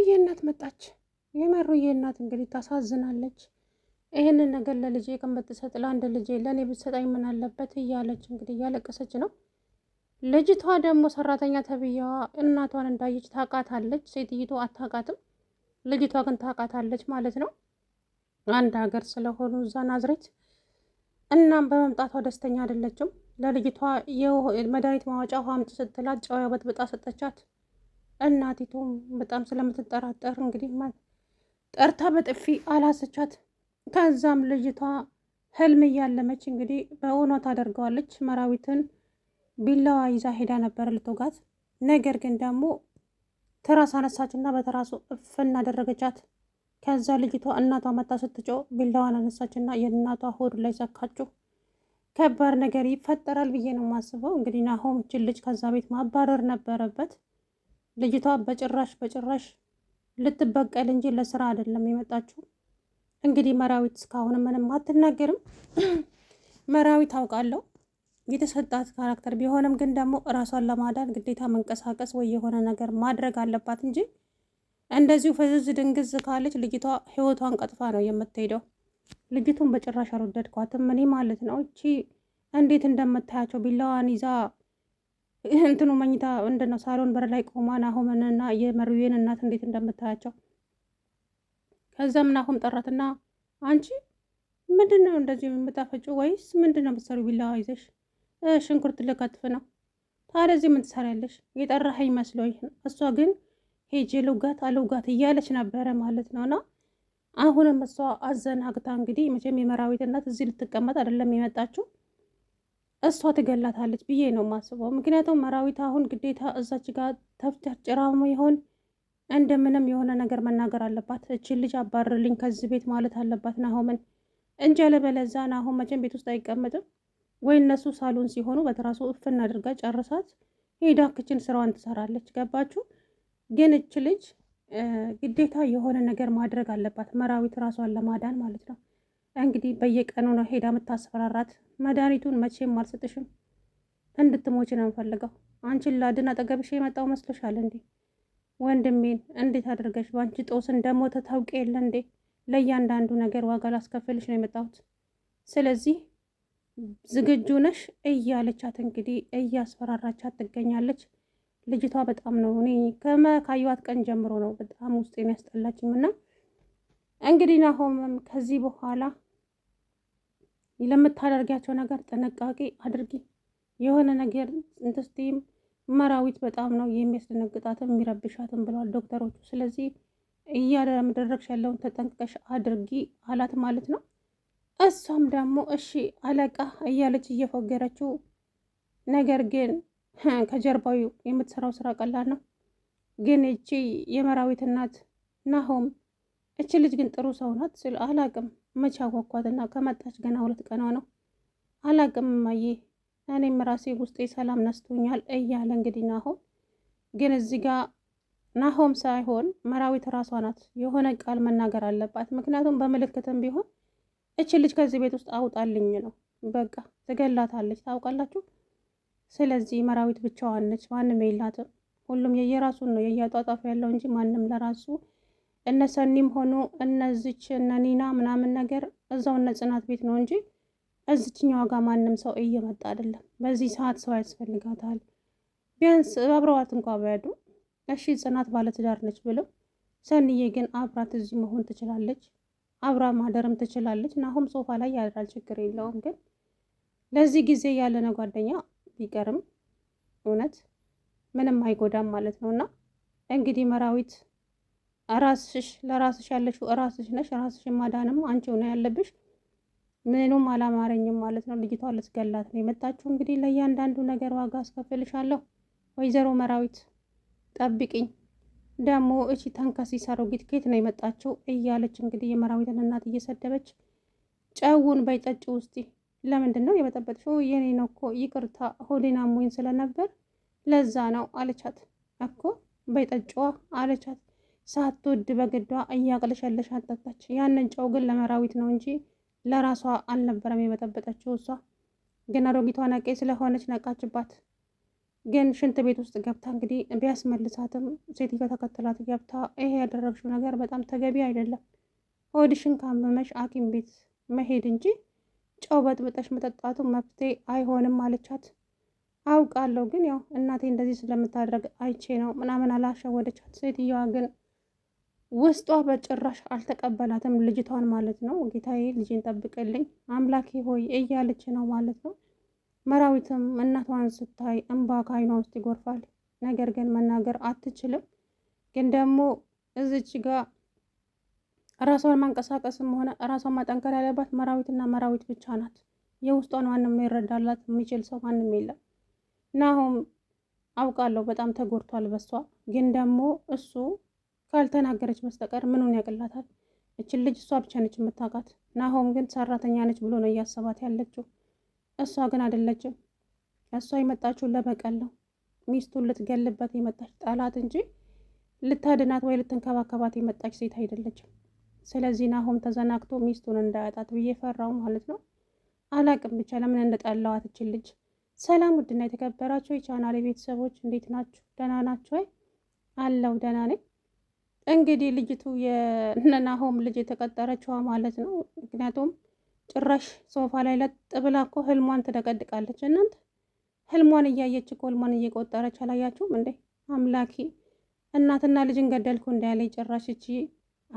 የመሩዬ እናት መጣች። የመሩዬ እናት እንግዲህ ታሳዝናለች። ይህንን ነገር ለልጄ ቀን ብትሰጥ ለአንድ ልጄ ለእኔ ብትሰጠኝ ምን አለበት እያለች እንግዲህ እያለቀሰች ነው። ልጅቷ ደግሞ ሰራተኛ ተብያዋ እናቷን እንዳየች ታውቃታለች። ሴትይቱ አታውቃትም፣ ልጅቷ ግን ታውቃታለች ማለት ነው። አንድ ሀገር ስለሆኑ እዛ ናዝሬት። እናም በመምጣቷ ደስተኛ አይደለችም። ለልጅቷ መድኃኒት ማዋጫ ውሃ አምጪ ስትላት ጨዋ በጥብጣ ሰጠቻት። እናቲቱም በጣም ስለምትጠራጠር እንግዲህ ጠርታ በጥፊ አላሰቻት። ከዛም ልጅቷ ህልም እያለመች እንግዲህ በእውነት አደርገዋለች። መራዊትን ቢላዋ ይዛ ሄዳ ነበር ልትወጋት፣ ነገር ግን ደግሞ ትራስ አነሳች እና በትራሱ እፍ እናደረገቻት። ከዛ ልጅቷ እናቷ መታ ስትጮ ቢላዋን አነሳች እና የእናቷ ሆድ ላይ ሰካችሁ። ከባድ ነገር ይፈጠራል ብዬ ነው የማስበው። እንግዲህ ናሆም ይችን ልጅ ከዛ ቤት ማባረር ነበረበት። ልጅቷ በጭራሽ በጭራሽ ልትበቀል እንጂ ለስራ አይደለም የመጣችው። እንግዲህ መራዊት እስካሁን ምንም አትናገርም። መራዊት አውቃለሁ የተሰጣት ካራክተር ቢሆንም ግን ደግሞ እራሷን ለማዳን ግዴታ መንቀሳቀስ ወይ የሆነ ነገር ማድረግ አለባት እንጂ እንደዚሁ ፍዝዝ ድንግዝ ካለች ልጅቷ ህይወቷን ቀጥፋ ነው የምትሄደው። ልጅቱን በጭራሽ አልወደድኳትም እኔ ማለት ነው። እቺ እንዴት እንደምታያቸው ቢላዋን ይዛ እንትኑ መኝታ ምንድን ነው ሳሎን በር ላይ ቆማ ናሆምንና የመሪዬን እናት እንዴት እንደምታያቸው ከዛም ናሆም ጠራትና አንቺ ምንድን ነው እንደዚህ የምታፈጩ ወይስ ምንድን ነው የምትሰሪው? ቢላዋ ይዘሽ ሽንኩርት ልከትፍ ነው። ታዲያ እዚህ ምን ትሰሪያለሽ? የጠራኸኝ መስሎኝ። እሷ ግን ሄጅ ልውጋት አልውጋት እያለች ነበረ ማለት ነውና አሁንም እሷ አዘናግታ እንግዲህ መቼም የመራዊት እናት እዚህ ልትቀመጥ አይደለም የመጣችው እሷ ትገላታለች ብዬ ነው የማስበው። ምክንያቱም መራዊት አሁን ግዴታ እዛች ጋር ተፍጨርጭራ ይሆን እንደምንም የሆነ ነገር መናገር አለባት። እችን ልጅ አባርልኝ ከዚህ ቤት ማለት አለባት ናሆምን እንጂ አለበለዛ ናሆም መቼም ቤት ውስጥ አይቀመጥም። ወይ እነሱ ሳሎን ሲሆኑ በትራሱ እፍን አድርጋ ጨርሳት ሄዳ ክችን ስራዋን ትሰራለች። ገባችሁ? ግን እች ልጅ ግዴታ የሆነ ነገር ማድረግ አለባት መራዊት ራሷን ለማዳን ማለት ነው። እንግዲህ በየቀኑ ነው ሄዳ የምታስፈራራት። መድኃኒቱን መቼም አልሰጥሽም፣ እንድትሞች ነው የምፈልገው። አንቺን ላድን አጠገብሽ የመጣው መስሎሻል እንዴ? ወንድሜን እንዴት አድርገሽ በአንቺ ጦስ እንደሞተ ታውቂ የለ እንዴ? ለእያንዳንዱ ነገር ዋጋ ላስከፍልሽ ነው የመጣሁት። ስለዚህ ዝግጁ ነሽ እያለቻት እንግዲህ እያስፈራራቻት ትገኛለች። ልጅቷ በጣም ነው እኔ ከመካየዋት ቀን ጀምሮ ነው በጣም ውስጥ የሚያስጠላችም እና እንግዲህ ናሆምም ከዚህ በኋላ ለምታደርጊያቸው ነገር ጥንቃቄ አድርጊ። የሆነ ነገር እንትስቲም መራዊት በጣም ነው የሚያስደነግጣትም የሚረብሻትም ብለዋል ዶክተሮቹ። ስለዚህ እያደረግሽ ያለውን ተጠንቀሽ አድርጊ አላት ማለት ነው። እሷም ደግሞ እሺ አለቃ እያለች እየፎገረችው፣ ነገር ግን ከጀርባዊ የምትሰራው ስራ ቀላል ነው። ግን እቺ የመራዊት እናት ናሆም እች ልጅ ግን ጥሩ ሰው ናት ስል አላቅም መቼ አጓጓትና ከመጣች ገና ሁለት ቀኗ ነው። አላቅም እማዬ፣ እኔም ራሴ ውስጤ ሰላም ነስቶኛል እያለ እንግዲህ ናሆም ግን እዚህ ጋር ናሆም ሳይሆን መራዊት ራሷ ናት የሆነ ቃል መናገር አለባት። ምክንያቱም በምልክትም ቢሆን እች ልጅ ከዚህ ቤት ውስጥ አውጣልኝ ነው በቃ ትገላታለች፣ ታውቃላችሁ። ስለዚህ መራዊት ብቻዋን ነች፣ ማንም የላትም። ሁሉም የየራሱን ነው የየጧጧፍ ያለው እንጂ ማንም ለራሱ እነ ሰኒም ሆኑ እነዚች እነ ኒና ምናምን ነገር እዛው እነ ጽናት ቤት ነው እንጂ እዚችኛዋ ጋር ማንም ሰው እየመጣ አይደለም። በዚህ ሰዓት ሰው ያስፈልጋታል። ቢያንስ አብረዋት እንኳ በያዱ እሺ፣ ጽናት ባለትዳር ነች ብለው ሰኒዬ ግን አብራት እዚህ መሆን ትችላለች፣ አብራ ማደርም ትችላለች። ናሁም ሶፋ ላይ ያድራል፣ ችግር የለውም። ግን ለዚህ ጊዜ ያለነ ጓደኛ ቢቀርም እውነት ምንም አይጎዳም ማለት ነው እና እንግዲህ መራዊት ራስሽ ለራስሽ ያለሽው ራስሽ ነሽ። ራስሽን ማዳንም አንቺው ነው ያለብሽ። ምኑም አላማረኝም ማለት ነው። ልጅቷ ልትገላት ነው የመጣችሁ። እንግዲህ ለእያንዳንዱ ነገር ዋጋ አስከፍልሻለሁ። ወይዘሮ መራዊት ጠብቂኝ። ደግሞ እቺ ተንከስ ሰሮጊት ኬት ነው የመጣችው እያለች እንግዲህ የመራዊትን እናት እየሰደበች ጨውን በይጠጭ ውስጥ ለምንድን ነው የበጠበጥሽው? የኔ ነው እኮ ይቅርታ፣ ሆዴን አሞኝ ስለነበር ለዛ ነው አለቻት። እኮ በይጠጭዋ አለቻት። ሳትወድ በግዷ እያቅለሸለሽ አጠጣች። ያንን ጨው ግን ለመራዊት ነው እንጂ ለራሷ አልነበረም የበጠበጠችው። እሷ ግን አሮጊቷ ነቄ ስለሆነች ነቃችባት። ግን ሽንት ቤት ውስጥ ገብታ እንግዲህ ቢያስመልሳትም ሴትዮ ተከትላት ገብታ ይሄ ያደረግሽው ነገር በጣም ተገቢ አይደለም፣ ሆድሽን ካመመሽ ሐኪም ቤት መሄድ እንጂ ጨው በጥብጠሽ መጠጣቱ መፍትሄ አይሆንም አለቻት። አውቃለሁ ግን ያው እናቴ እንደዚህ ስለምታደርግ አይቼ ነው ምናምን አላሸወደቻት። ሴትዮዋ ግን ውስጧ በጭራሽ አልተቀበላትም ልጅቷን ማለት ነው። ጌታዬ ልጅን ጠብቅልኝ አምላኬ ሆይ እያለች ነው ማለት ነው። መራዊትም እናቷን ስታይ እንባ ከዓይኗ ውስጥ ይጎርፋል። ነገር ግን መናገር አትችልም። ግን ደግሞ እዚች ጋር ራሷን ማንቀሳቀስም ሆነ ራሷን ማጠንከር ያለባት መራዊትና መራዊት ብቻ ናት። የውስጧን ማንም ይረዳላት የሚችል ሰው ማንም የለም። ናሆም አውቃለሁ በጣም ተጎድቷል በሷ ግን ደግሞ እሱ ካልተናገረች በስተቀር ምኑን ያቅላታል? እችን ልጅ እሷ ብቻ ነች የምታውቃት። ናሆም ግን ሰራተኛ ነች ብሎ ነው እያሰባት ያለችው። እሷ ግን አይደለችም። እሷ የመጣችው ለበቀል ነው። ሚስቱን ልትገልበት የመጣች ጠላት እንጂ ልታድናት ወይ ልትንከባከባት የመጣች ሴት አይደለችም። ስለዚህ ናሆም ተዘናግቶ ሚስቱን እንዳያጣት ብዬ ፈራው ማለት ነው። አላቅም ብቻ ለምን እንደጠላዋት እችን ልጅ። ሰላም ውድና የተከበራቸው የቻናሌ ቤተሰቦች እንዴት ናችሁ? ደህና ናችሁ ወይ? አለው ደህና ነኝ። እንግዲህ ልጅቱ የነናሆም ልጅ የተቀጠረችዋ ማለት ነው። ምክንያቱም ጭራሽ ሶፋ ላይ ለጥ ብላ እኮ ህልሟን ትደቀድቃለች። እናንተ ህልሟን እያየች እኮ ህልሟን እየቆጠረች አላያችሁም እንዴ? አምላኬ እናትና ልጅን ገደልኩ እንዳለ ጭራሽ እቺ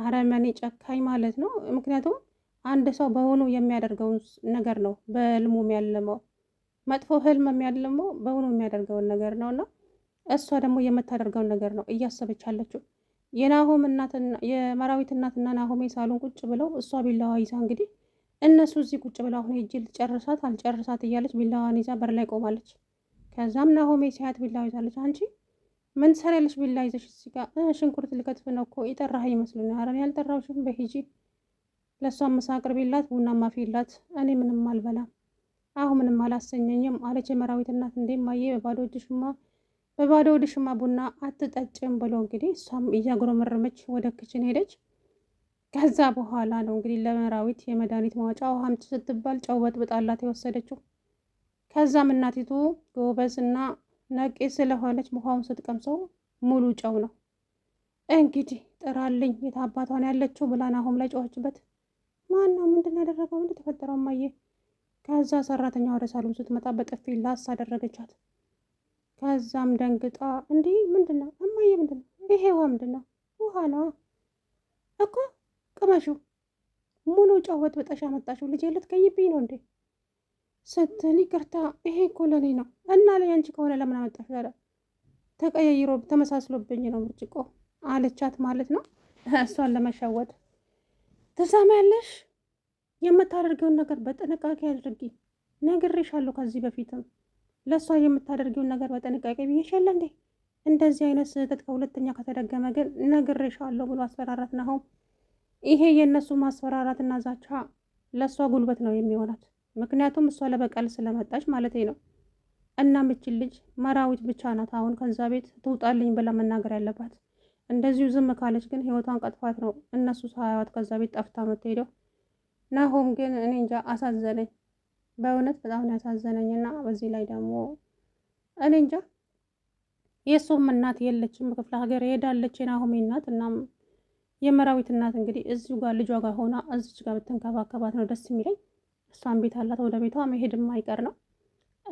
አረመኔ ጨካኝ ማለት ነው። ምክንያቱም አንድ ሰው በሆኑ የሚያደርገውን ነገር ነው በህልሙ የሚያልመው። መጥፎ ህልም የሚያልመው በሆኑ የሚያደርገውን ነገር ነው እና እሷ ደግሞ የምታደርገውን ነገር ነው እያሰበች ያለችው። የናሆም እናትና የመራዊት እናትና ናሆሜ ሳሎን ቁጭ ብለው እሷ ቢላዋ ይዛ እንግዲህ እነሱ እዚህ ቁጭ ብለው አሁን ሂጅ ልጨርሳት አልጨርሳት እያለች ቢላዋን ይዛ በር ላይ ቆማለች። ከዛም ናሆሜ ሲያት ቢላዋ ይዛለች። አንቺ ምን ትሰሪያለሽ ቢላ ይዘሽ እዚህ ጋር? ሽንኩርት ልከትፍ ነው እኮ የጠራህ ይመስሉኝ። አረን እኔ በሂጂ ለእሷ ምሳ አቅርቢላት፣ ቡና ማፊላት። እኔ ምንም አልበላም፣ አሁን ምንም አላሰኘኝም አለች የመራዊት እናት። እንዴ ማየ በባዶ እጅሽማ በባዶ ወዲሽማ ቡና አትጠጭም ብሎ እንግዲህ እሷም እያጉረመረመች ወደ ክችን ሄደች። ከዛ በኋላ ነው እንግዲህ ለመራዊት የመድኃኒት ማውጫ ውሃ አምጪ ስትባል ጨው በጥብጣላት የወሰደችው። ከዛም እናቲቱ ጎበዝ እና ነቄ ስለሆነች ውሃውን ስትቀምሰው ሙሉ ጨው ነው። እንግዲህ ጥራልኝ የታባቷን ያለችው ብላ ናሆም ላይ ጨዋችበት። ማን ነው ምንድን ያደረገው? ምንድን ተፈጠረው? እማዬ። ከዛ ሰራተኛ ወደ ሳሎን ስትመጣ በጥፊ ላስ አደረገቻት። ከዛም ደንግጣ እንዲህ ምንድን ነው እማዬ፣ ምንድን ነው ይሄ ውሃ? ምንድን ነው ውሃ ነዋ እኮ ቅመሽው፣ ሙሉ ጫወት በጥብጠሽ አመጣሽው። ልጄ ልትገይብኝ ነው እንዴ ስትል፣ ይቅርታ ይሄ እኮ ለኔ ነው እና አንቺ ከሆነ ለምን አመጣሽ? ለ ተቀያይሮ ተመሳስሎብኝ ነው ብርጭቆ አለቻት ማለት ነው እሷን ለመሸወድ ትሰማያለሽ የምታደርገውን ነገር በጥንቃቄ አድርጊ ነግሬሻለሁ ከዚህ በፊትም ለእሷ የምታደርጊውን ነገር በጥንቃቄ ብዬሻለ እንዴ? እንደዚህ አይነት ስህተት ከሁለተኛ ከተደገመ ግን ነግሬሻለሁ ብሎ አስፈራራት። ናሆም ይሄ የእነሱ ማስፈራራትና ዛቻ ለእሷ ጉልበት ነው የሚሆናት። ምክንያቱም እሷ ለበቀል ስለመጣች ማለት ነው። እና ምችል ልጅ መራዊት ብቻ ናት አሁን ከዛ ቤት ትውጣልኝ ብላ መናገር ያለባት። እንደዚሁ ዝም ካለች ግን ህይወቷን ቀጥፋት ነው እነሱ ሳያዋት ከዛ ቤት ጠፍታ የምትሄደው። ናሆም ግን እኔ እንጃ አሳዘነኝ። በእውነት በጣም ያሳዘነኝ። እና በዚህ ላይ ደግሞ እኔ እንጃ የእሱም እናት የለችም፣ በክፍለ ሀገር ሄዳለች የናሆሜ እናት። እናም የመራዊት እናት እንግዲህ እዚሁ ጋር ልጇ ጋር ሆና እዚች ጋር ብትንከባከባት ነው ደስ የሚለኝ። እሷን ቤት አላት፣ ወደ ቤቷ መሄድም አይቀር ነው።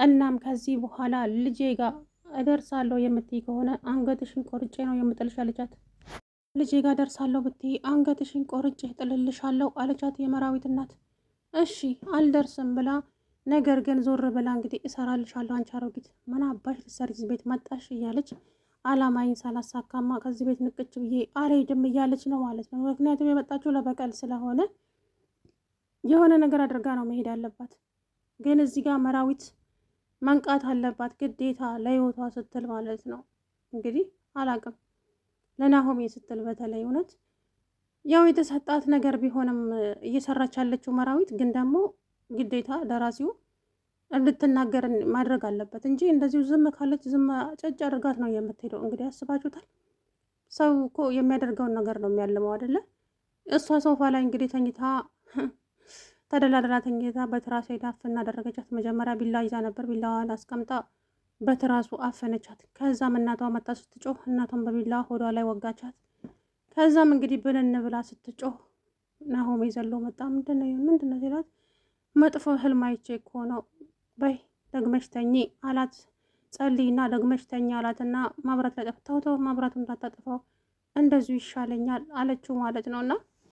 እናም ከዚህ በኋላ ልጄ ጋር እደርሳለሁ የምትይ ከሆነ አንገትሽን ቆርጬ ነው የምጥልሽ አለቻት። ልጄ ጋር ደርሳለሁ ብትይ አንገትሽን ቆርጬ ጥልልሻለሁ አለቻት የመራዊት እናት። እሺ አልደርስም ብላ ነገር ግን ዞር ብላ እንግዲህ እሰራልሻለሁ አንቺ አሮጊት ምን አባሽ ልትሰሪ ቤት መጣሽ እያለች አላማዬን ሳላሳካማ ከዚህ ቤት ንቅች ብዬ አልሄድም እያለች ነው ማለት ነው። ምክንያቱም የመጣችው ለበቀል ስለሆነ የሆነ ነገር አድርጋ ነው መሄድ ያለባት። ግን እዚህ ጋር መራዊት መንቃት አለባት ግዴታ ለህይወቷ ስትል ማለት ነው። እንግዲህ አላቅም ለናሆሜ ስትል በተለይ እውነት ያው የተሰጣት ነገር ቢሆንም እየሰራች ያለችው መራዊት ግን ደግሞ ግዴታ ደራሲው እንድትናገር ማድረግ አለበት እንጂ እንደዚሁ ዝም ካለች ዝም ጨጭ አድርጋት ነው የምትሄደው። እንግዲህ አስባችሁታል። ሰው እኮ የሚያደርገውን ነገር ነው የሚያልመው አይደለ? እሷ ሶፋ ላይ እንግዲህ ተኝታ ተደላደላ ተኝታ በትራሱ አፍና እናደረገቻት። መጀመሪያ ቢላ ይዛ ነበር፣ ቢላዋን አስቀምጣ በትራሱ አፈነቻት። ከዛም እናቷ መታ ስትጮህ እናቷን በቢላ ሆዷ ላይ ወጋቻት። ከዛም እንግዲህ ብለን ብላ ስትጮህ ናሆሜ ዘሎ መጣ። ምንድነው ምንድነው ሲላት መጥፎ ህልም አይቼ እኮ ነው በይ ደግመሽ ተኚ አላት። ጸልይና ደግመሽ ተኚ አላትና ማብራት ላይ ጠፍተው ተው ማብራቱ እንዳታጠፋው እንደዚሁ ይሻለኛል አለችው ማለት ነው እና